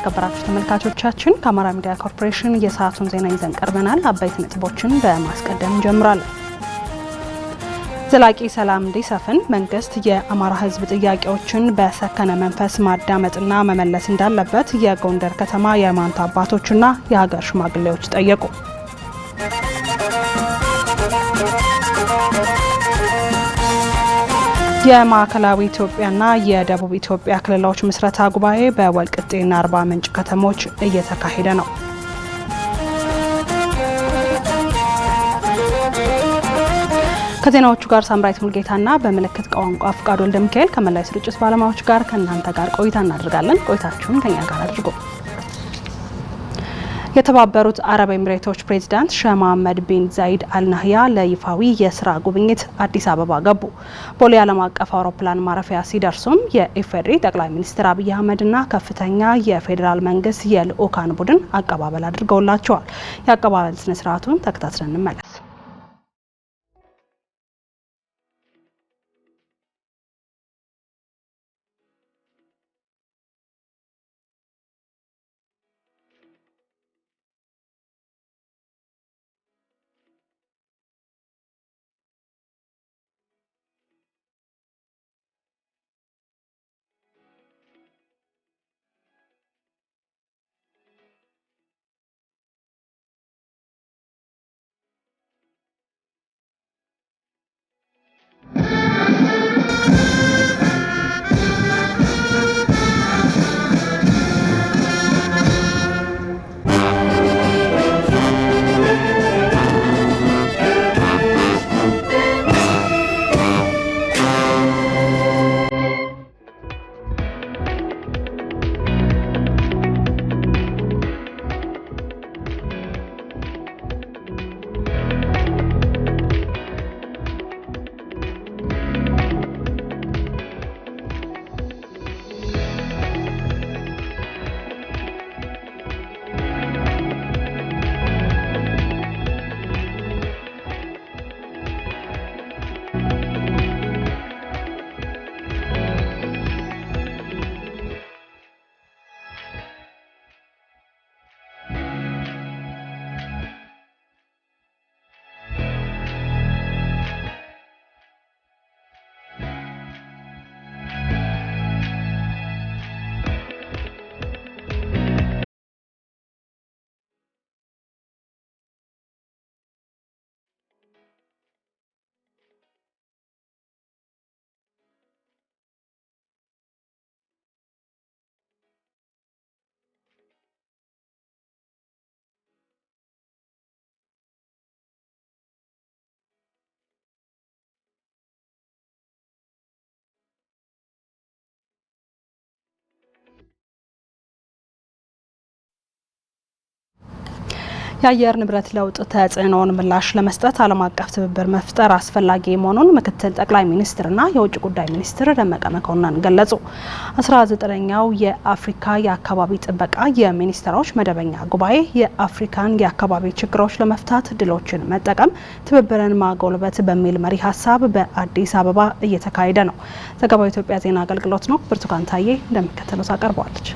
የተከበራችሁ ተመልካቾቻችን ከአማራ ሚዲያ ኮርፖሬሽን የሰዓቱን ዜና ይዘን ቀርበናል። አበይት ነጥቦችን በማስቀደም እንጀምራለን። ዘላቂ ሰላም እንዲሰፍን መንግስት የአማራ ሕዝብ ጥያቄዎችን በሰከነ መንፈስ ማዳመጥና መመለስ እንዳለበት የጎንደር ከተማ የሃይማኖት አባቶችና የሀገር ሽማግሌዎች ጠየቁ። የማዕከላዊ ኢትዮጵያና የደቡብ ኢትዮጵያ ክልሎች ምስረታ ጉባኤ በወልቅጤና አርባ ምንጭ ከተሞች እየተካሄደ ነው። ከዜናዎቹ ጋር ሳምራይት ሙልጌታና በምልክት ቋንቋ ፍቃድ ወልደ ሚካኤል ከመላይ ስርጭት ባለሙያዎች ጋር ከእናንተ ጋር ቆይታ እናደርጋለን። ቆይታችሁን ከኛ ጋር አድርጎ የተባበሩት አረብ ኤምሬቶች ፕሬዚዳንት ሼህ መሐመድ ቢን ዛይድ አልናህያ ለይፋዊ የስራ ጉብኝት አዲስ አበባ ገቡ። ቦሌ ዓለም አቀፍ አውሮፕላን ማረፊያ ሲደርሱም የኢፌዴሪ ጠቅላይ ሚኒስትር አብይ አህመድና ከፍተኛ የፌዴራል መንግስት የልኡካን ቡድን አቀባበል አድርገውላቸዋል። የአቀባበል ስነስርዓቱን ተከታትለን እንመለስ። የአየር ንብረት ለውጥ ተጽዕኖውን ምላሽ ለመስጠት ዓለም አቀፍ ትብብር መፍጠር አስፈላጊ መሆኑን ምክትል ጠቅላይ ሚኒስትርና የውጭ ጉዳይ ሚኒስትር ደመቀ መኮንን ገለጹ። 19ኛው የአፍሪካ የአካባቢ ጥበቃ የሚኒስትሮች መደበኛ ጉባኤ የአፍሪካን የአካባቢ ችግሮች ለመፍታት ድሎችን መጠቀም፣ ትብብርን ማጎልበት በሚል መሪ ሀሳብ በአዲስ አበባ እየተካሄደ ነው። ዘገባው የኢትዮጵያ ዜና አገልግሎት ነው። ብርቱካን ታዬ እንደሚከተሉት ታቀርበዋለች።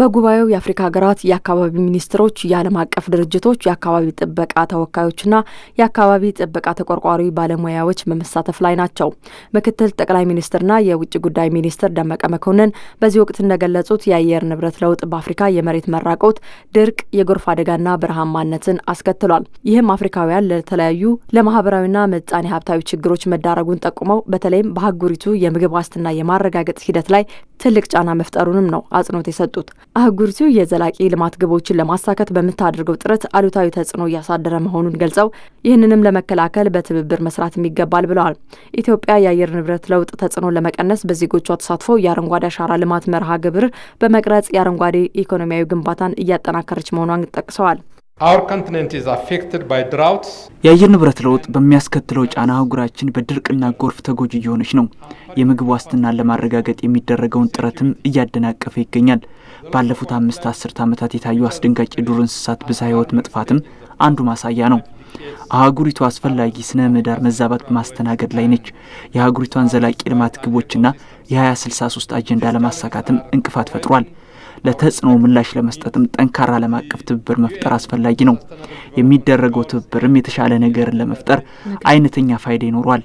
በጉባኤው የአፍሪካ ሀገራት የአካባቢ ሚኒስትሮች፣ የዓለም አቀፍ ድርጅቶች፣ የአካባቢ ጥበቃ ተወካዮችና የአካባቢ ጥበቃ ተቆርቋሪ ባለሙያዎች በመሳተፍ ላይ ናቸው። ምክትል ጠቅላይ ሚኒስትርና የውጭ ጉዳይ ሚኒስትር ደመቀ መኮንን በዚህ ወቅት እንደገለጹት የአየር ንብረት ለውጥ በአፍሪካ የመሬት መራቆት፣ ድርቅ፣ የጎርፍ አደጋና በረሃማነትን አስከትሏል። ይህም አፍሪካውያን ለተለያዩ ለማህበራዊና ምጣኔ ሀብታዊ ችግሮች መዳረጉን ጠቁመው በተለይም በአህጉሪቱ የምግብ ዋስትና የማረጋገጥ ሂደት ላይ ትልቅ ጫና መፍጠሩንም ነው አጽንኦት የሰጡት። አህጉሪቱ የዘላቂ ልማት ግቦችን ለማሳካት በምታደርገው ጥረት አሉታዊ ተጽዕኖ እያሳደረ መሆኑን ገልጸው ይህንንም ለመከላከል በትብብር መስራት ይገባል ብለዋል። ኢትዮጵያ የአየር ንብረት ለውጥ ተጽዕኖ ለመቀነስ በዜጎቿ ተሳትፎ የአረንጓዴ አሻራ ልማት መርሃ ግብር በመቅረጽ የአረንጓዴ ኢኮኖሚያዊ ግንባታን እያጠናከረች መሆኗን ጠቅሰዋል። የአየር ንብረት ለውጥ በሚያስከትለው ጫና አህጉራችን በድርቅና ጎርፍ ተጎጂ እየሆነች ነው። የምግብ ዋስትናን ለማረጋገጥ የሚደረገውን ጥረትም እያደናቀፈ ይገኛል። ባለፉት አምስት አስርት ዓመታት የታዩ አስደንጋጭ የዱር እንስሳት ብዝሃ ህይወት መጥፋትም አንዱ ማሳያ ነው። አህጉሪቱ አስፈላጊ ስነ ምህዳር መዛባት በማስተናገድ ላይ ነች። የአህጉሪቷን ዘላቂ ልማት ግቦችና የ2063 አጀንዳ ለማሳካትም እንቅፋት ፈጥሯል። ለተጽዕኖ ምላሽ ለመስጠትም ጠንካራ ዓለም አቀፍ ትብብር መፍጠር አስፈላጊ ነው። የሚደረገው ትብብርም የተሻለ ነገርን ለመፍጠር አይነተኛ ፋይዳ ይኖሯል።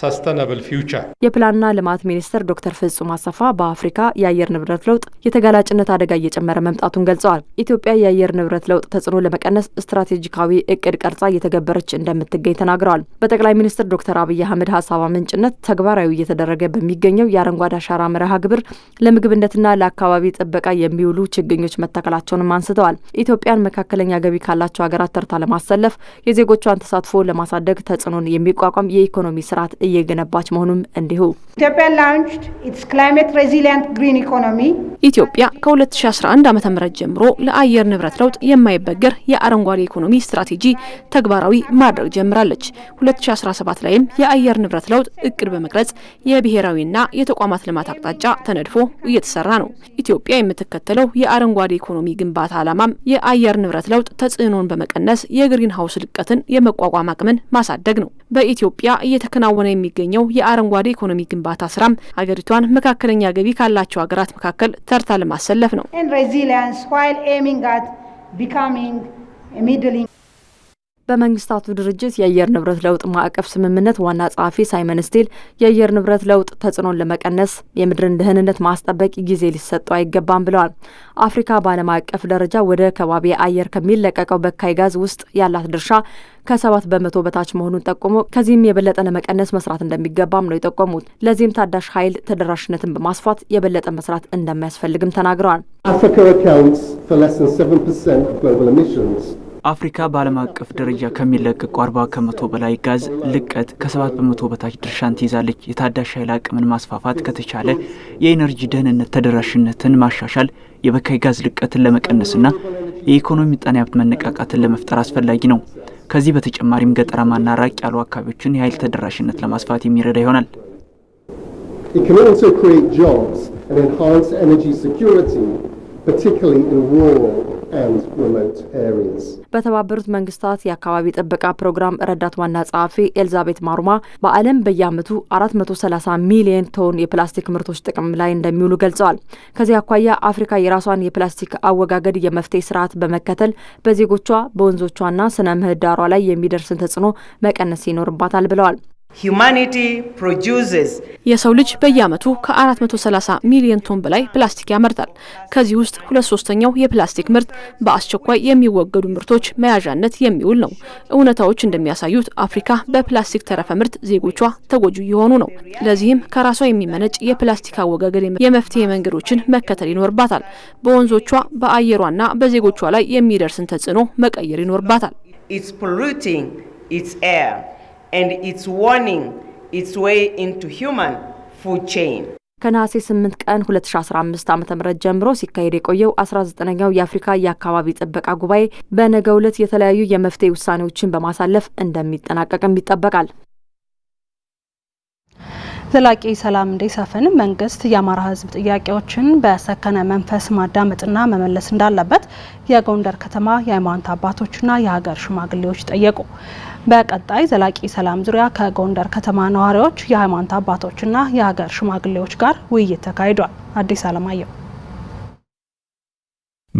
ሰስተነብል ፊውቸር የፕላንና ልማት ሚኒስትር ዶክተር ፍጹም አሰፋ በአፍሪካ የአየር ንብረት ለውጥ የተጋላጭነት አደጋ እየጨመረ መምጣቱን ገልጸዋል። ኢትዮጵያ የአየር ንብረት ለውጥ ተጽዕኖ ለመቀነስ ስትራቴጂካዊ እቅድ ቀርጻ እየተገበረች እንደምትገኝ ተናግረዋል። በጠቅላይ ሚኒስትር ዶክተር አብይ አህመድ ሀሳብ አመንጭነት ተግባራዊ እየተደረገ በሚገኘው የአረንጓዴ አሻራ መርሃ ግብር ለምግብነትና ለአካባቢ ጥበቃ የሚውሉ ችግኞች መተከላቸውንም አንስተዋል። ኢትዮጵያን መካከለኛ ገቢ ካላቸው ሀገራት ተርታ ለማሰለፍ የዜጎቿን ተሳትፎ ለማሳደግ ተጽዕኖን የሚቋቋም የኢኮኖሚ ስርዓት እየገነባች መሆኑም እንዲሁ ኢትዮጵያ ከ2011 ዓ ም ጀምሮ ለአየር ንብረት ለውጥ የማይበገር የአረንጓዴ ኢኮኖሚ ስትራቴጂ ተግባራዊ ማድረግ ጀምራለች። 2017 ላይም የአየር ንብረት ለውጥ እቅድ በመቅረጽ የብሔራዊና የተቋማት ልማት አቅጣጫ ተነድፎ እየተሰራ ነው። ኢትዮጵያ የምትከተለው የአረንጓዴ ኢኮኖሚ ግንባታ ዓላማም የአየር ንብረት ለውጥ ተጽዕኖን በመቀነስ የግሪን ሀውስ ልቀትን የመቋቋም አቅምን ማሳደግ ነው። በኢትዮጵያ እየተከናወነ እየሆነ የሚገኘው የአረንጓዴ ኢኮኖሚ ግንባታ ስራም ሀገሪቷን መካከለኛ ገቢ ካላቸው ሀገራት መካከል ተርታ ለማሰለፍ ነው። በመንግስታቱ ድርጅት የአየር ንብረት ለውጥ ማዕቀፍ ስምምነት ዋና ጸሐፊ ሳይመን ስቲል የአየር ንብረት ለውጥ ተጽዕኖን ለመቀነስ የምድርን ደህንነት ማስጠበቅ ጊዜ ሊሰጠው አይገባም ብለዋል። አፍሪካ በዓለም አቀፍ ደረጃ ወደ ከባቢ አየር ከሚለቀቀው በካይ ጋዝ ውስጥ ያላት ድርሻ ከሰባት በመቶ በታች መሆኑን ጠቁሞ ከዚህም የበለጠ ለመቀነስ መስራት እንደሚገባም ነው የጠቆሙት። ለዚህም ታዳሽ ኃይል ተደራሽነትን በማስፋት የበለጠ መስራት እንደማያስፈልግም ተናግረዋል። አፍሪካ በዓለም አቀፍ ደረጃ ከሚለቀቁ አርባ ከመቶ በላይ ጋዝ ልቀት ከሰባት በመቶ በታች ድርሻን ትይዛለች። የታዳሽ ኃይል አቅምን ማስፋፋት ከተቻለ የኤነርጂ ደህንነት ተደራሽነትን ማሻሻል የበካይ ጋዝ ልቀትን ለመቀነስና የኢኮኖሚ ምጣኔ ሀብት መነቃቃትን ለመፍጠር አስፈላጊ ነው። ከዚህ በተጨማሪም ገጠራማና ራቅ ያሉ አካባቢዎችን የኃይል ተደራሽነት ለማስፋት የሚረዳ ይሆናል። በተባበሩት መንግስታት የአካባቢ ጥበቃ ፕሮግራም ረዳት ዋና ጸሐፊ ኤልዛቤት ማሩማ በዓለም በየዓመቱ 430 ሚሊዮን ቶን የፕላስቲክ ምርቶች ጥቅም ላይ እንደሚውሉ ገልጸዋል። ከዚህ አኳያ አፍሪካ የራሷን የፕላስቲክ አወጋገድ የመፍትሄ ስርዓት በመከተል በዜጎቿ በወንዞቿና ስነ ምህዳሯ ላይ የሚደርስን ተጽዕኖ መቀነስ ይኖርባታል ብለዋል። የሰው ልጅ በየዓመቱ ከ430 ሚሊዮን ቶን በላይ ፕላስቲክ ያመርታል። ከዚህ ውስጥ ሁለት ሶስተኛው የፕላስቲክ ምርት በአስቸኳይ የሚወገዱ ምርቶች መያዣነት የሚውል ነው። እውነታዎች እንደሚያሳዩት አፍሪካ በፕላስቲክ ተረፈ ምርት ዜጎቿ ተጎጂ የሆኑ ነው። ለዚህም ከራሷ የሚመነጭ የፕላስቲክ አወጋገድ የመፍትሄ መንገዶችን መከተል ይኖርባታል። በወንዞቿ በአየሯና በዜጎቿ ላይ የሚደርስን ተጽዕኖ መቀየር ይኖርባታል። and its warning its way into human food chain ከነሐሴ 8 ቀን 2015 ዓ.ም ጀምሮ ሲካሄድ የቆየው 19ኛው የአፍሪካ የአካባቢ ጥበቃ ጉባኤ በነገው ዕለት የተለያዩ የመፍትሄ ውሳኔዎችን በማሳለፍ እንደሚጠናቀቅም ይጠበቃል። ዘላቂ ሰላም እንዲሰፍን መንግስት የአማራ ሕዝብ ጥያቄዎችን በሰከነ መንፈስ ማዳመጥና መመለስ እንዳለበት የጎንደር ከተማ የሃይማኖት አባቶችና የሀገር ሽማግሌዎች ጠየቁ። በቀጣይ ዘላቂ ሰላም ዙሪያ ከጎንደር ከተማ ነዋሪዎች፣ የሃይማኖት አባቶችና የሀገር ሽማግሌዎች ጋር ውይይት ተካሂዷል። አዲስ አለማየሁ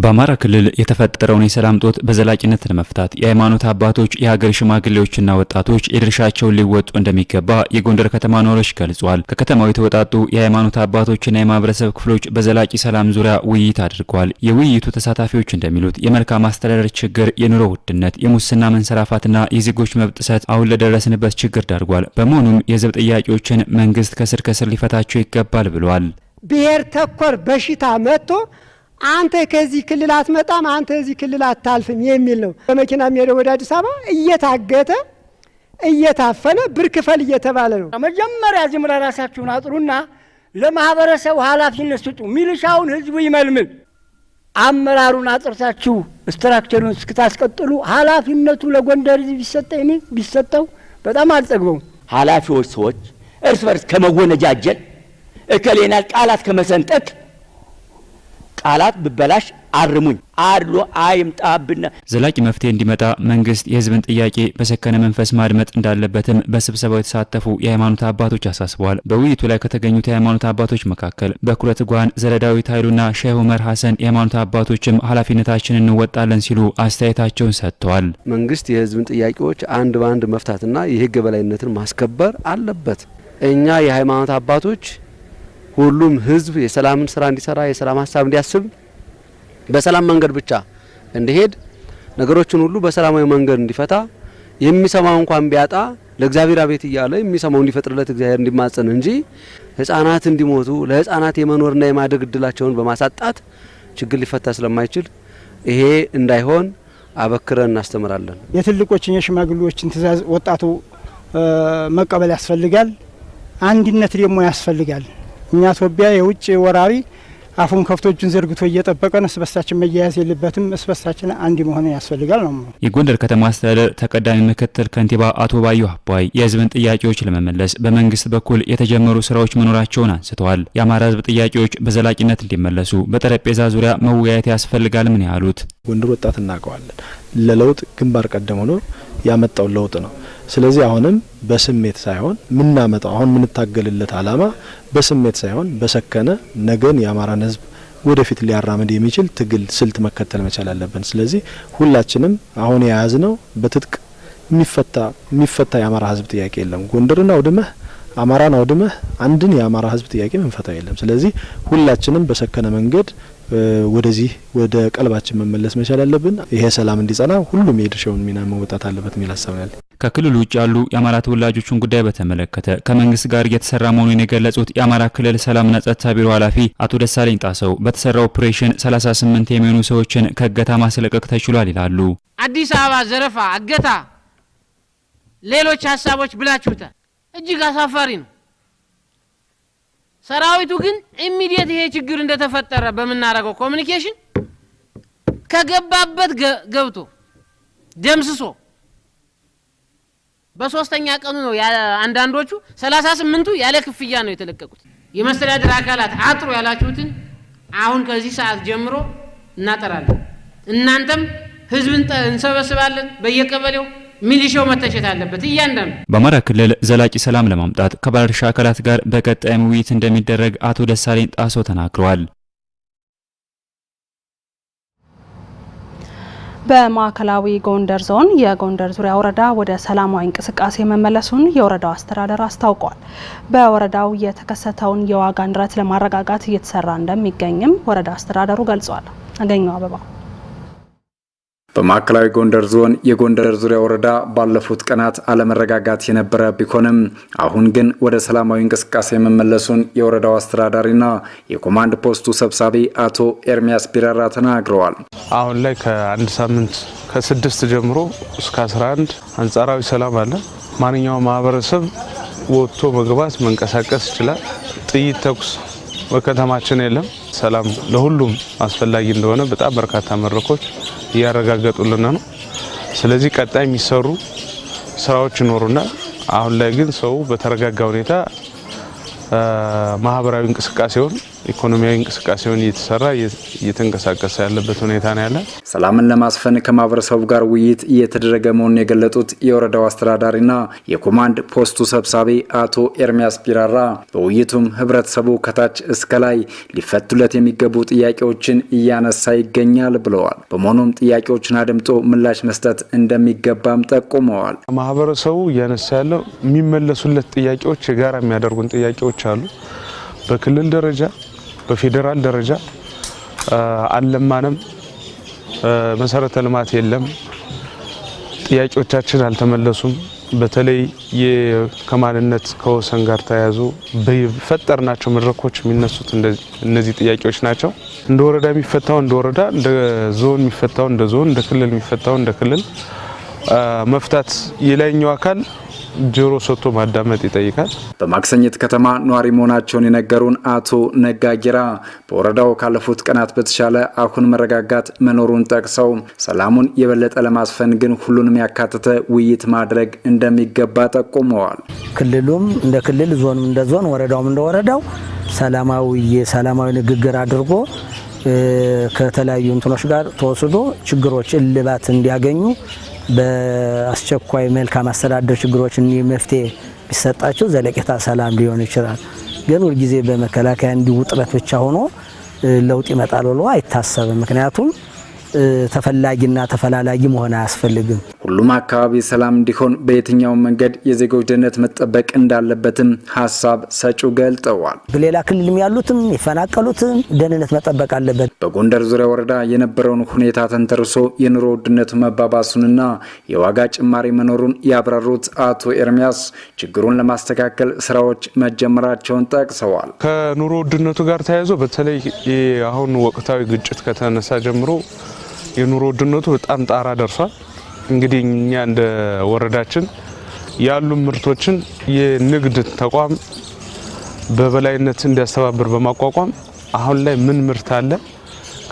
በአማራ ክልል የተፈጠረውን የሰላም ጦት በዘላቂነት ለመፍታት የሃይማኖት አባቶች፣ የሀገር ሽማግሌዎችና ወጣቶች የድርሻቸውን ሊወጡ እንደሚገባ የጎንደር ከተማ ነዋሪዎች ገልጿል። ከከተማው የተወጣጡ የሃይማኖት አባቶችና የማህበረሰብ ክፍሎች በዘላቂ ሰላም ዙሪያ ውይይት አድርጓል። የውይይቱ ተሳታፊዎች እንደሚሉት የመልካም አስተዳደር ችግር፣ የኑሮ ውድነት፣ የሙስና መንሰራፋትና የዜጎች መብት ጥሰት አሁን ለደረስንበት ችግር ዳርጓል። በመሆኑም የህዝብ ጥያቄዎችን መንግስት ከስር ከስር ሊፈታቸው ይገባል ብለዋል። ብሔር ተኮር በሽታ መጥቶ አንተ ከዚህ ክልል አትመጣም፣ አንተ እዚህ ክልል አታልፍም የሚል ነው። በመኪና የሚሄደው ወደ አዲስ አበባ እየታገተ እየታፈነ ብር ክፈል እየተባለ ነው። መጀመሪያ ዝምራ ራሳችሁን አጥሩና ለማህበረሰቡ ኃላፊነት ስጡ። ሚልሻውን ህዝቡ ይመልምል። አመራሩን አጥርታችሁ ስትራክቸሩን እስክታስቀጥሉ ኃላፊነቱ ለጎንደር ህዝብ ቢሰጠ ቢሰጠው በጣም አልጠግበውም። ኃላፊዎች ሰዎች እርስ በርስ ከመወነጃጀል እከሌናል ቃላት ከመሰንጠቅ ቃላት ብበላሽ አርሙኝ። አድሎ አይምጣብና ዘላቂ መፍትሄ እንዲመጣ መንግስት የህዝብን ጥያቄ በሰከነ መንፈስ ማድመጥ እንዳለበትም በስብሰባው የተሳተፉ የሃይማኖት አባቶች አሳስበዋል። በውይይቱ ላይ ከተገኙት የሃይማኖት አባቶች መካከል በኩረት ጓን ዘለዳዊት ኃይሉና ሼህ ኡመር ሐሰን የሃይማኖት አባቶችም ኃላፊነታችንን እንወጣለን ሲሉ አስተያየታቸውን ሰጥተዋል። መንግስት የህዝብን ጥያቄዎች አንድ በአንድ መፍታትና የህግ በላይነትን ማስከበር አለበት። እኛ የሃይማኖት አባቶች ሁሉም ህዝብ የሰላምን ስራ እንዲሰራ የሰላም ሀሳብ እንዲያስብ በሰላም መንገድ ብቻ እንዲሄድ ነገሮችን ሁሉ በሰላማዊ መንገድ እንዲፈታ የሚሰማው እንኳን ቢያጣ ለእግዚአብሔር አቤት እያለ የሚሰማው እንዲፈጥርለት እግዚአብሔር እንዲማጸን እንጂ ህጻናት እንዲሞቱ ለህጻናት የመኖርና የማደግ እድላቸውን በማሳጣት ችግር ሊፈታ ስለማይችል ይሄ እንዳይሆን አበክረን እናስተምራለን። የትልቆችን የሽማግሌዎችን ትእዛዝ ወጣቱ መቀበል ያስፈልጋል። አንድነት ደግሞ ያስፈልጋል። እኛ ኢትዮጵያ የውጭ ወራሪ አፉን ከፍቶ እጁን ዘርግቶ እየጠበቀን እስበሳችን መያያዝ የለበትም። እስበሳችን አንድ መሆን ያስፈልጋል ነው። የጎንደር ከተማ አስተዳደር ተቀዳሚ ምክትል ከንቲባ አቶ ባዩ አባይ የህዝብን ጥያቄዎች ለመመለስ በመንግስት በኩል የተጀመሩ ስራዎች መኖራቸውን አንስተዋል። የአማራ ህዝብ ጥያቄዎች በዘላቂነት እንዲመለሱ በጠረጴዛ ዙሪያ መወያየት ያስፈልጋል ምን ያሉት ጎንደር ወጣት እናውቀዋለን ለለውጥ ግንባር ቀደም ሆኖ ያመጣው ለውጥ ነው። ስለዚህ አሁንም በስሜት ሳይሆን የምናመጣው አሁን የምንታገልለት አላማ በስሜት ሳይሆን በሰከነ ነገን የአማራን ህዝብ ወደፊት ሊያራምድ የሚችል ትግል ስልት መከተል መቻል አለብን። ስለዚህ ሁላችንም አሁን የያዝ ነው በትጥቅ የሚፈታ የሚፈታ የአማራ ህዝብ ጥያቄ የለም። ጎንደርና አውድመህ አማራን አውድመህ አንድን የአማራ ህዝብ ጥያቄ መንፈታ የለም። ስለዚህ ሁላችንም በሰከነ መንገድ ወደዚህ ወደ ቀልባችን መመለስ መቻል አለብን። ይሄ ሰላም እንዲጸና ሁሉም የድርሻውን ሚና መወጣት አለበት የሚል ሀሳብ ያለ ከክልሉ ውጭ ያሉ የአማራ ተወላጆችን ጉዳይ በተመለከተ ከመንግስት ጋር እየተሰራ መሆኑን የገለጹት የአማራ ክልል ሰላምና ጸጥታ ቢሮ ኃላፊ አቶ ደሳለኝ ጣሰው በተሰራ ኦፕሬሽን 38 የሚሆኑ ሰዎችን ከእገታ ማስለቀቅ ተችሏል ይላሉ። አዲስ አበባ ዘረፋ፣ እገታ፣ ሌሎች ሀሳቦች ብላችሁታል። እጅግ አሳፋሪ ነው። ሰራዊቱ ግን ኢሚዲየት ይሄ ችግር እንደተፈጠረ በምናደርገው ኮሚኒኬሽን ከገባበት ገብቶ ደምስሶ በሶስተኛ ቀኑ ነው አንዳንዶቹ ሰላሳ ስምንቱ ያለ ክፍያ ነው የተለቀቁት። የመስተዳደር አካላት አጥሩ ያላችሁትን አሁን ከዚህ ሰዓት ጀምሮ እናጠራለን። እናንተም ህዝብን እንሰበስባለን በየቀበሌው ሚሊሻው መተቸት አለበት። እያንዳንዱ በአማራ ክልል ዘላቂ ሰላም ለማምጣት ከባለድርሻ አካላት ጋር በቀጣይም ውይይት እንደሚደረግ አቶ ደሳለኝ ጣሶ ተናግረዋል። በማዕከላዊ ጎንደር ዞን የጎንደር ዙሪያ ወረዳ ወደ ሰላማዊ እንቅስቃሴ መመለሱን የወረዳው አስተዳደር አስታውቋል። በወረዳው የተከሰተውን የዋጋ ንረት ለማረጋጋት እየተሰራ እንደሚገኝም ወረዳ አስተዳደሩ ገልጿል። አገኘው አበባ በማዕከላዊ ጎንደር ዞን የጎንደር ዙሪያ ወረዳ ባለፉት ቀናት አለመረጋጋት የነበረ ቢሆንም አሁን ግን ወደ ሰላማዊ እንቅስቃሴ መመለሱን የወረዳው አስተዳዳሪና የኮማንድ ፖስቱ ሰብሳቢ አቶ ኤርሚያስ ቢራራ ተናግረዋል። አሁን ላይ ከአንድ ሳምንት ከስድስት ጀምሮ እስከ 11 አንጻራዊ ሰላም አለ። ማንኛውም ማህበረሰብ ወጥቶ መግባት መንቀሳቀስ ይችላል። ጥይት ተኩስ በከተማችን የለም። ሰላም ለሁሉም አስፈላጊ እንደሆነ በጣም በርካታ መድረኮች እያረጋገጡልን ነው። ስለዚህ ቀጣይ የሚሰሩ ስራዎች ይኖሩናል። አሁን ላይ ግን ሰው በተረጋጋ ሁኔታ ማህበራዊ እንቅስቃሴውን ኢኮኖሚያዊ እንቅስቃሴውን እየተሰራ እየተንቀሳቀሰ ያለበት ሁኔታ ነው ያለ። ሰላምን ለማስፈን ከማህበረሰቡ ጋር ውይይት እየተደረገ መሆኑን የገለጡት የወረዳው አስተዳዳሪና የኮማንድ ፖስቱ ሰብሳቢ አቶ ኤርሚያስ ቢራራ በውይይቱም ህብረተሰቡ ከታች እስከ ላይ ሊፈቱለት የሚገቡ ጥያቄዎችን እያነሳ ይገኛል ብለዋል። በመሆኑም ጥያቄዎችን አድምጦ ምላሽ መስጠት እንደሚገባም ጠቁመዋል። ማህበረሰቡ እያነሳ ያለው የሚመለሱለት ጥያቄዎች የጋራ የሚያደርጉን ጥያቄዎች አሉ በክልል ደረጃ በፌዴራል ደረጃ አለማንም መሰረተ ልማት የለም፣ ጥያቄዎቻችን አልተመለሱም። በተለይ ከማንነት ከወሰን ጋር ተያያዙ በፈጠርናቸው መድረኮች የሚነሱት እነዚህ ጥያቄዎች ናቸው። እንደ ወረዳ የሚፈታው እንደ ወረዳ፣ እንደ ዞን የሚፈታው እንደ ዞን፣ እንደ ክልል የሚፈታው እንደ ክልል መፍታት የላይኛው አካል ጆሮ ሰጥቶ ማዳመጥ ይጠይቃል። በማክሰኝት ከተማ ነዋሪ መሆናቸውን የነገሩን አቶ ነጋጊራ በወረዳው ካለፉት ቀናት በተሻለ አሁን መረጋጋት መኖሩን ጠቅሰው ሰላሙን የበለጠ ለማስፈን ግን ሁሉንም ያካተተ ውይይት ማድረግ እንደሚገባ ጠቁመዋል። ክልሉም እንደ ክልል፣ ዞንም እንደ ዞን፣ ወረዳውም እንደ ወረዳው ሰላማዊ የሰላማዊ ንግግር አድርጎ ከተለያዩ እንትኖች ጋር ተወስዶ ችግሮች እልባት እንዲያገኙ በአስቸኳይ መልካም አስተዳደር ችግሮች መፍትሄ ቢሰጣቸው ዘለቄታ ሰላም ሊሆን ይችላል። ግን ሁልጊዜ በመከላከያ እንዲህ ውጥረት ብቻ ሆኖ ለውጥ ይመጣል ብሎ አይታሰብም። ምክንያቱም ተፈላጊና ተፈላላጊ መሆን አያስፈልግም። ሁሉም አካባቢ ሰላም እንዲሆን በየትኛውም መንገድ የዜጎች ደህንነት መጠበቅ እንዳለበትም ሀሳብ ሰጪው ገልጠዋል። በሌላ ክልልም ያሉትም የፈናቀሉትም ደህንነት መጠበቅ አለበት። በጎንደር ዙሪያ ወረዳ የነበረውን ሁኔታ ተንተርሶ የኑሮ ውድነቱ መባባሱንና የዋጋ ጭማሪ መኖሩን ያብራሩት አቶ ኤርሚያስ ችግሩን ለማስተካከል ስራዎች መጀመራቸውን ጠቅሰዋል። ከኑሮ ውድነቱ ጋር ተያይዞ በተለይ አሁን ወቅታዊ ግጭት ከተነሳ ጀምሮ የኑሮ ውድነቱ በጣም ጣራ ደርሷል። እንግዲህ እኛ እንደ ወረዳችን ያሉ ምርቶችን የንግድ ተቋም በበላይነት እንዲያስተባብር በማቋቋም አሁን ላይ ምን ምርት አለ፣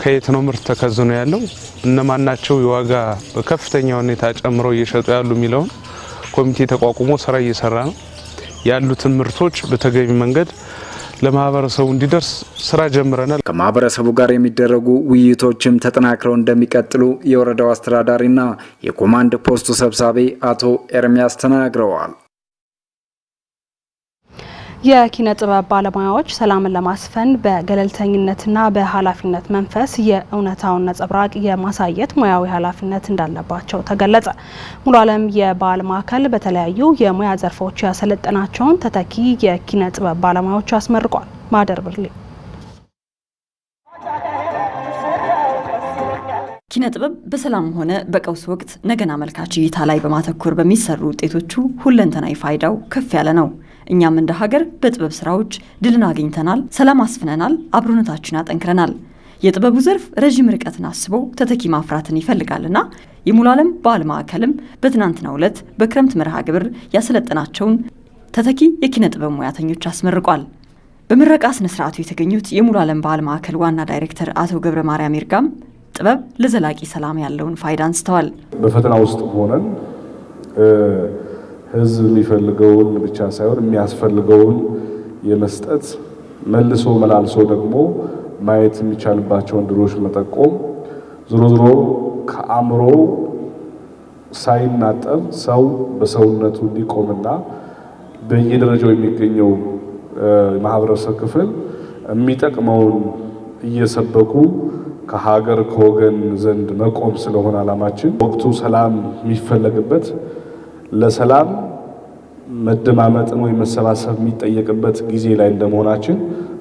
ከየት ነው ምርት ተከዝኖ ያለው፣ እነማናቸው የዋጋ በከፍተኛ ሁኔታ ጨምሮ እየሸጡ ያሉ የሚለውን ኮሚቴ ተቋቁሞ ስራ እየሰራ ነው። ያሉትን ምርቶች በተገቢ መንገድ ለማህበረሰቡ እንዲደርስ ስራ ጀምረናል። ከማህበረሰቡ ጋር የሚደረጉ ውይይቶችም ተጠናክረው እንደሚቀጥሉ የወረዳው አስተዳዳሪና የኮማንድ ፖስቱ ሰብሳቢ አቶ ኤርሚያስ ተናግረዋል። የኪነ ጥበብ ባለሙያዎች ሰላምን ለማስፈን በገለልተኝነትና በኃላፊነት መንፈስ የእውነታውን ነጸብራቅ የማሳየት ሙያዊ ኃላፊነት እንዳለባቸው ተገለጸ። ሙሉ ዓለም የባህል ማዕከል በተለያዩ የሙያ ዘርፎች ያሰለጠናቸውን ተተኪ የኪነ ጥበብ ባለሙያዎች አስመርቋል። ማደር ብርሌ ኪነ ጥበብ በሰላም ሆነ በቀውስ ወቅት ነገን አመልካች እይታ ላይ በማተኮር በሚሰሩ ውጤቶቹ ሁለንተናዊ ፋይዳው ከፍ ያለ ነው። እኛም እንደ ሀገር በጥበብ ስራዎች ድልን አግኝተናል፣ ሰላም አስፍነናል፣ አብሮነታችን አጠንክረናል። የጥበቡ ዘርፍ ረዥም ርቀትን አስቦ ተተኪ ማፍራትን ይፈልጋልና ዓለም በዓል ማዕከልም በትናንትናው ዕለት በክረምት መርሃ ግብር ያሰለጠናቸውን ተተኪ የኪነ ጥበብ ሙያተኞች አስመርቋል። በምረቃ ስነ ስርዓቱ የተገኙት የሙሉዓለም ባህል ማዕከል ዋና ዳይሬክተር አቶ ገብረ ማርያም ይርጋም ጥበብ ለዘላቂ ሰላም ያለውን ፋይዳ አንስተዋል። በፈተና ውስጥ ሆነን ህዝብ የሚፈልገውን ብቻ ሳይሆን የሚያስፈልገውን የመስጠት መልሶ መላልሶ ደግሞ ማየት የሚቻልባቸውን ድሎች መጠቆም ዝሮ ዝሮ ከአእምሮ ሳይናጠብ ሰው በሰውነቱ እንዲቆምና በየደረጃው የሚገኘው ማህበረሰብ ክፍል የሚጠቅመውን እየሰበኩ ከሀገር ከወገን ዘንድ መቆም ስለሆነ አላማችን ወቅቱ ሰላም የሚፈለግበት ለሰላም መደማመጥን ወይም መሰባሰብ የሚጠየቅበት ጊዜ ላይ እንደመሆናችን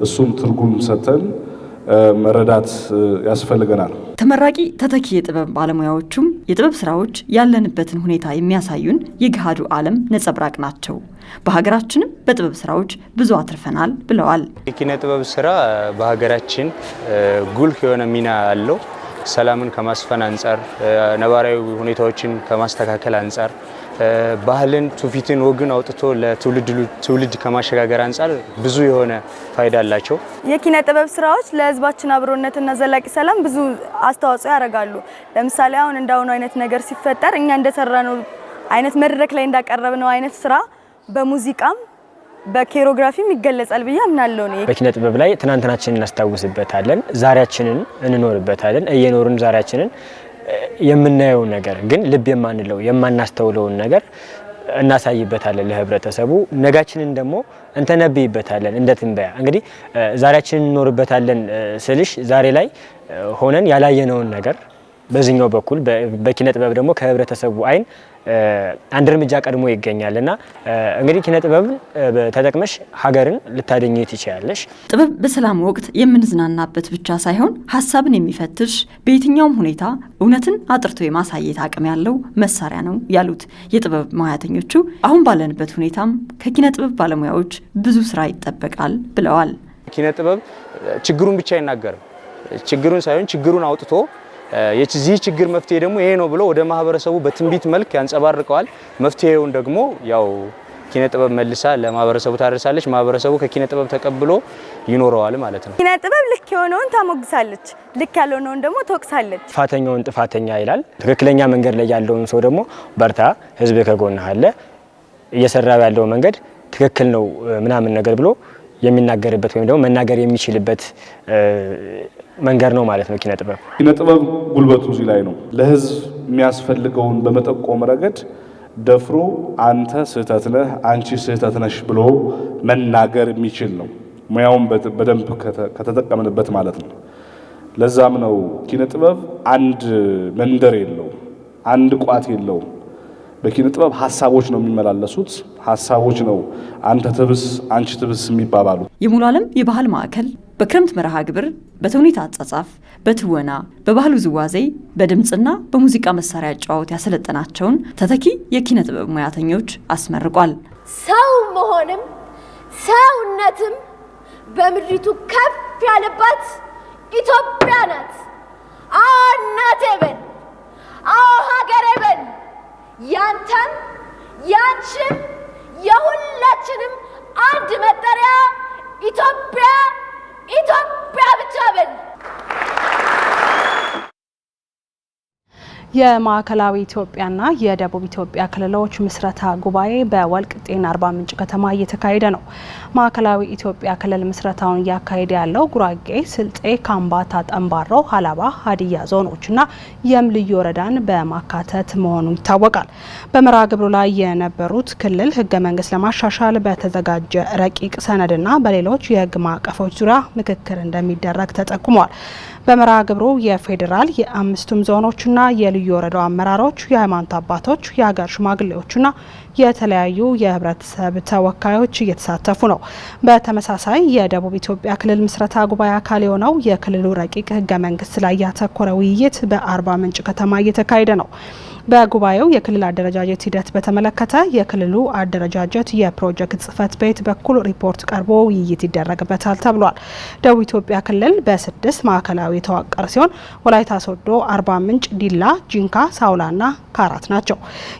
እሱም ትርጉም ሰጥተን መረዳት ያስፈልገናል። ተመራቂ ተተኪ የጥበብ ባለሙያዎቹም የጥበብ ስራዎች ያለንበትን ሁኔታ የሚያሳዩን የገሃዱ ዓለም ነጸብራቅ ናቸው። በሀገራችንም በጥበብ ስራዎች ብዙ አትርፈናል ብለዋል። የኪነ ጥበብ ስራ በሀገራችን ጉልህ የሆነ ሚና አለው። ሰላምን ከማስፈን አንጻር፣ ነባራዊ ሁኔታዎችን ከማስተካከል አንጻር፣ ባህልን፣ ትውፊትን፣ ወግን አውጥቶ ለትውልድ ከማሸጋገር አንጻር ብዙ የሆነ ፋይዳ አላቸው። የኪነ ጥበብ ስራዎች ለህዝባችን አብሮነትና ዘላቂ ሰላም ብዙ አስተዋጽኦ ያደርጋሉ። ለምሳሌ አሁን እንዳሁኑ አይነት ነገር ሲፈጠር እኛ እንደሰራነው አይነት መድረክ ላይ እንዳቀረብነው አይነት ስራ በሙዚቃም በኬሮግራፊም ይገለጻል ብዬ አምናለሁ። እኔ በኪነ ጥበብ ላይ ትናንትናችንን እናስታውስበታለን፣ ዛሬያችንን እንኖርበታለን። እየኖርን ዛሬያችንን የምናየው ነገር ግን ልብ የማንለው የማናስተውለውን ነገር እናሳይበታለን ለህብረተሰቡ። ነጋችንን ደግሞ እንተነብይበታለን እንደ ትንበያ። እንግዲህ ዛሬያችንን እንኖርበታለን ስልሽ ዛሬ ላይ ሆነን ያላየነውን ነገር በዚህኛው በኩል በኪነ ጥበብ ደግሞ ከህብረተሰቡ አይን አንድ እርምጃ ቀድሞ ይገኛል እና እንግዲህ ኪነ ጥበብን ተጠቅመሽ ሀገርን ልታደኝ ትችላለሽ። ጥበብ በሰላም ወቅት የምንዝናናበት ብቻ ሳይሆን ሀሳብን የሚፈትሽ በየትኛውም ሁኔታ እውነትን አጥርቶ የማሳየት አቅም ያለው መሳሪያ ነው ያሉት የጥበብ ሙያተኞቹ፣ አሁን ባለንበት ሁኔታም ከኪነ ጥበብ ባለሙያዎች ብዙ ስራ ይጠበቃል ብለዋል። ኪነ ጥበብ ችግሩን ብቻ አይናገርም፣ ችግሩን ሳይሆን ችግሩን አውጥቶ የዚህ ችግር መፍትሄ ደግሞ ይሄ ነው ብሎ ወደ ማህበረሰቡ በትንቢት መልክ ያንጸባርቀዋል። መፍትሄውን ደግሞ ያው ኪነ ጥበብ መልሳ ለማህበረሰቡ ታደርሳለች። ማህበረሰቡ ከኪነ ጥበብ ተቀብሎ ይኖረዋል ማለት ነው። ኪነ ጥበብ ልክ የሆነውን ታሞግሳለች፣ ልክ ያልሆነውን ደግሞ ትወቅሳለች። ጥፋተኛውን ጥፋተኛ ይላል። ትክክለኛ መንገድ ላይ ያለውን ሰው ደግሞ በርታ፣ ህዝብ ከጎንህ አለ፣ እየሰራ ያለው መንገድ ትክክል ነው ምናምን ነገር ብሎ የሚናገርበት ወይም ደግሞ መናገር የሚችልበት መንገድ ነው ማለት ነው ኪነ ጥበብ። ኪነ ጥበብ ጉልበቱ እዚህ ላይ ነው። ለህዝብ የሚያስፈልገውን በመጠቆም ረገድ ደፍሮ አንተ ስህተት ነህ፣ አንቺ ስህተት ነሽ ብሎ መናገር የሚችል ነው። ሙያውን በደንብ ከተጠቀምንበት ማለት ነው። ለዛም ነው ኪነ ጥበብ አንድ መንደር የለውም፣ አንድ ቋት የለውም። በኪነ ጥበብ ሀሳቦች ነው የሚመላለሱት፣ ሀሳቦች ነው አንተ ትብስ አንቺ ትብስ የሚባባሉት። የሙሉ ዓለም የባህል ማዕከል በክረምት መርሃ ግብር በተውኔት አጻጻፍ፣ በትወና፣ በባህል ውዝዋዜ፣ በድምፅና በሙዚቃ መሳሪያ አጨዋወት ያሰለጠናቸውን ተተኪ የኪነ ጥበብ ሙያተኞች አስመርቋል። ሰው መሆንም ሰውነትም በምድሪቱ ከፍ ያለባት ኢትዮጵያ ናት። አዎ እናቴ በል፣ አዎ ሀገሬ በል፣ ያንተም ያንቺም የማዕከላዊ ኢትዮጵያና የደቡብ ኢትዮጵያ ክልሎች ምስረታ ጉባኤ በወልቅጤና አርባ ምንጭ ከተማ እየተካሄደ ነው። ማዕከላዊ ኢትዮጵያ ክልል ምስረታውን እያካሄደ ያለው ጉራጌ፣ ስልጤ፣ ካምባታ፣ ጠንባሮ፣ ሀላባ፣ ሀዲያ ዞኖችና የም ልዩ ወረዳን በማካተት መሆኑ ይታወቃል። በመርሃ ግብሩ ላይ የነበሩት ክልል ህገ መንግስት ለማሻሻል በተዘጋጀ ረቂቅ ሰነድና በሌሎች የህግ ማዕቀፎች ዙሪያ ምክክር እንደሚደረግ ተጠቁሟል። በመርሃ ግብሩ የፌዴራል የአምስቱም ዞኖችና የልዩ ወረዳው አመራሮች፣ የሃይማኖት አባቶች፣ የሀገር ሽማግሌዎችና የተለያዩ የህብረተሰብ ተወካዮች እየተሳተፉ ነው። በተመሳሳይ የደቡብ ኢትዮጵያ ክልል ምስረታ ጉባኤ አካል የሆነው የክልሉ ረቂቅ ህገ መንግስት ላይ ያተኮረ ውይይት በአርባ ምንጭ ከተማ እየተካሄደ ነው። በጉባኤው የክልል አደረጃጀት ሂደት በተመለከተ የክልሉ አደረጃጀት የፕሮጀክት ጽህፈት ቤት በኩል ሪፖርት ቀርቦ ውይይት ይደረግበታል ተብሏል። ደቡብ ኢትዮጵያ ክልል በስድስት ማዕከላዊ የተዋቀረ ሲሆን ወላይታ ሶዶ፣ አርባ ምንጭ፣ ዲላ፣ ጂንካ፣ ሳውላና ካራት ናቸው።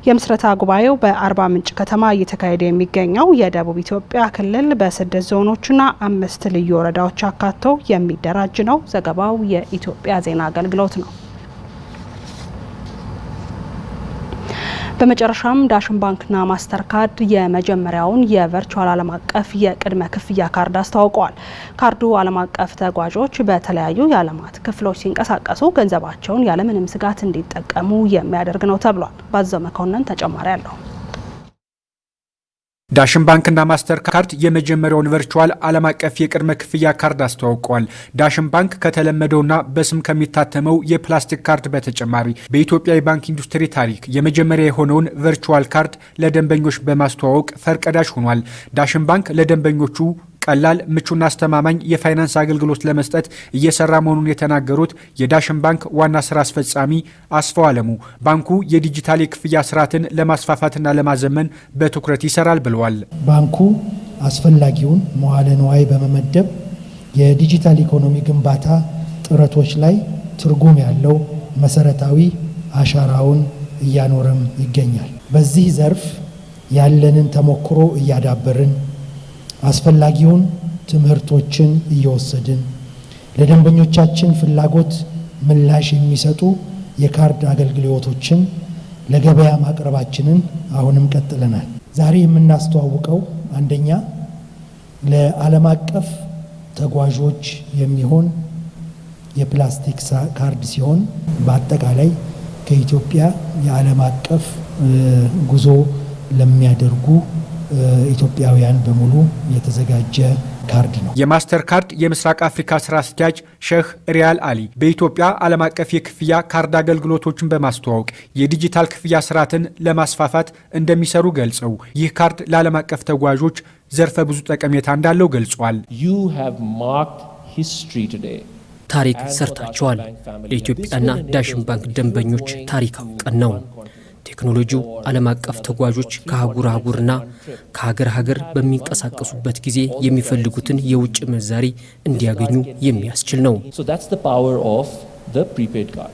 የምስረታ ጉባኤው በአርባ ምንጭ ከተማ እየተካሄደ የሚገኘው የደቡብ ኢትዮጵያ ክልል በስድስት ዞኖችና አምስት ልዩ ወረዳዎች አካቶ የሚደራጅ ነው። ዘገባው የኢትዮጵያ ዜና አገልግሎት ነው። በመጨረሻም ዳሽን ባንክና ማስተርካርድ የመጀመሪያውን የቨርቹዋል ዓለም አቀፍ የቅድመ ክፍያ ካርድ አስተዋውቀዋል። ካርዱ ዓለም አቀፍ ተጓዦች በተለያዩ የዓለማት ክፍሎች ሲንቀሳቀሱ ገንዘባቸውን ያለምንም ስጋት እንዲጠቀሙ የሚያደርግ ነው ተብሏል። ባዘው መኮንን ተጨማሪ አለው። ዳሽን ባንክና ማስተር ካርድ የመጀመሪያውን ቨርቹዋል ዓለም አቀፍ የቅድመ ክፍያ ካርድ አስተዋውቀዋል። ዳሽን ባንክ ከተለመደውና በስም ከሚታተመው የፕላስቲክ ካርድ በተጨማሪ በኢትዮጵያ የባንክ ኢንዱስትሪ ታሪክ የመጀመሪያ የሆነውን ቨርቹዋል ካርድ ለደንበኞች በማስተዋወቅ ፈርቀዳሽ ሆኗል። ዳሽን ባንክ ለደንበኞቹ ቀላል ምቹና አስተማማኝ የፋይናንስ አገልግሎት ለመስጠት እየሰራ መሆኑን የተናገሩት የዳሽን ባንክ ዋና ስራ አስፈጻሚ አስፋው አለሙ ባንኩ የዲጂታል የክፍያ ስርዓትን ለማስፋፋትና ለማዘመን በትኩረት ይሰራል ብለዋል። ባንኩ አስፈላጊውን መዋለ ንዋይ በመመደብ የዲጂታል ኢኮኖሚ ግንባታ ጥረቶች ላይ ትርጉም ያለው መሰረታዊ አሻራውን እያኖረም ይገኛል። በዚህ ዘርፍ ያለንን ተሞክሮ እያዳበርን አስፈላጊውን ትምህርቶችን እየወሰድን ለደንበኞቻችን ፍላጎት ምላሽ የሚሰጡ የካርድ አገልግሎቶችን ለገበያ ማቅረባችንን አሁንም ቀጥለናል። ዛሬ የምናስተዋውቀው አንደኛ ለዓለም አቀፍ ተጓዦች የሚሆን የፕላስቲክ ካርድ ሲሆን በአጠቃላይ ከኢትዮጵያ የዓለም አቀፍ ጉዞ ለሚያደርጉ ኢትዮጵያውያን በሙሉ የተዘጋጀ ካርድ ነው። የማስተር ካርድ የምስራቅ አፍሪካ ስራ አስኪያጅ ሼህ ሪያል አሊ በኢትዮጵያ ዓለም አቀፍ የክፍያ ካርድ አገልግሎቶችን በማስተዋወቅ የዲጂታል ክፍያ ስርዓትን ለማስፋፋት እንደሚሰሩ ገልጸው ይህ ካርድ ለዓለም አቀፍ ተጓዦች ዘርፈ ብዙ ጠቀሜታ እንዳለው ገልጿል። ታሪክ ሰርታቸዋል። ለኢትዮጵያና ዳሽን ባንክ ደንበኞች ታሪካዊ ቀን ነው። ቴክኖሎጂው ዓለም አቀፍ ተጓዦች ከአህጉር አህጉርና ከሀገር ሀገር በሚንቀሳቀሱበት ጊዜ የሚፈልጉትን የውጭ ምንዛሪ እንዲያገኙ የሚያስችል ነው።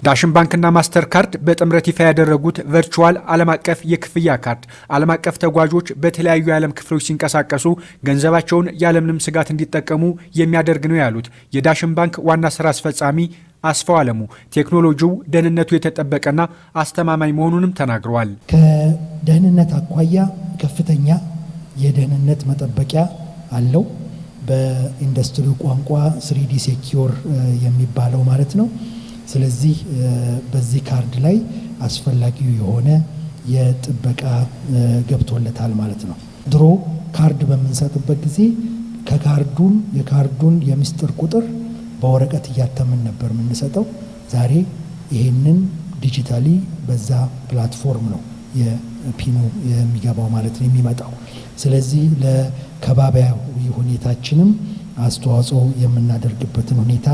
ዳሽን ባንክና ማስተር ካርድ በጥምረት ይፋ ያደረጉት ቨርቹዋል ዓለም አቀፍ የክፍያ ካርድ ዓለም አቀፍ ተጓዦች በተለያዩ የዓለም ክፍሎች ሲንቀሳቀሱ ገንዘባቸውን ያለምንም ስጋት እንዲጠቀሙ የሚያደርግ ነው ያሉት የዳሽን ባንክ ዋና ስራ አስፈጻሚ አስፋው አለሙ ቴክኖሎጂው ደህንነቱ የተጠበቀና አስተማማኝ መሆኑንም ተናግረዋል። ከደህንነት አኳያ ከፍተኛ የደህንነት መጠበቂያ አለው። በኢንዱስትሪው ቋንቋ ስሪዲ ሴኪዮር የሚባለው ማለት ነው። ስለዚህ በዚህ ካርድ ላይ አስፈላጊው የሆነ የጥበቃ ገብቶለታል ማለት ነው። ድሮ ካርድ በምንሰጥበት ጊዜ ከካርዱን የካርዱን የምስጢር ቁጥር በወረቀት እያተምን ነበር የምንሰጠው። ዛሬ ይሄንን ዲጂታሊ በዛ ፕላትፎርም ነው የፒኑ የሚገባው ማለት ነው የሚመጣው። ስለዚህ ለከባቢያዊ ሁኔታችንም አስተዋጽኦ የምናደርግበትን ሁኔታ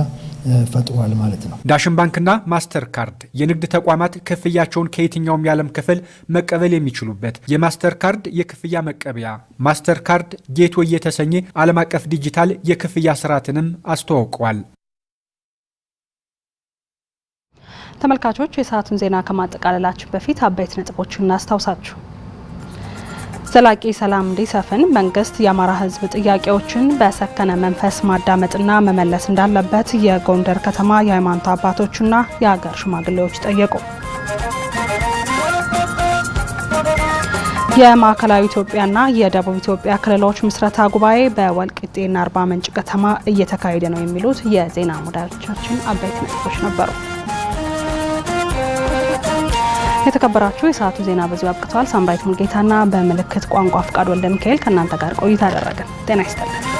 ፈጥሯል ማለት ነው። ዳሽን ባንክና ማስተር ካርድ የንግድ ተቋማት ክፍያቸውን ከየትኛውም የዓለም ክፍል መቀበል የሚችሉበት የማስተር ካርድ የክፍያ መቀበያ ማስተር ካርድ ጌትዌይ የተሰኘ ዓለም አቀፍ ዲጂታል የክፍያ ስርዓትንም አስተዋውቋል። ተመልካቾች የሰዓቱን ዜና ከማጠቃለላችን በፊት አበይት ነጥቦችን እናስታውሳችሁ። ዘላቂ ሰላም እንዲሰፍን መንግስት የአማራ ህዝብ ጥያቄዎችን በሰከነ መንፈስ ማዳመጥና መመለስ እንዳለበት የጎንደር ከተማ የሃይማኖት አባቶችና የሀገር ሽማግሌዎች ጠየቁ። የማዕከላዊ ኢትዮጵያና የደቡብ ኢትዮጵያ ክልሎች ምስረታ ጉባኤ በወልቂጤና አርባ ምንጭ ከተማ እየተካሄደ ነው የሚሉት የዜና ሙዳዮቻችን አበይት ነጥቦች ነበሩ። የተከበራችሁ የሰዓቱ ዜና በዚሁ አብቅተዋል። ሳምራዊት ሙልጌታና በምልክት ቋንቋ ፍቃድ ወልደ ሚካኤል ከእናንተ ጋር ቆይታ አደረግን። ጤና ይስጥልን።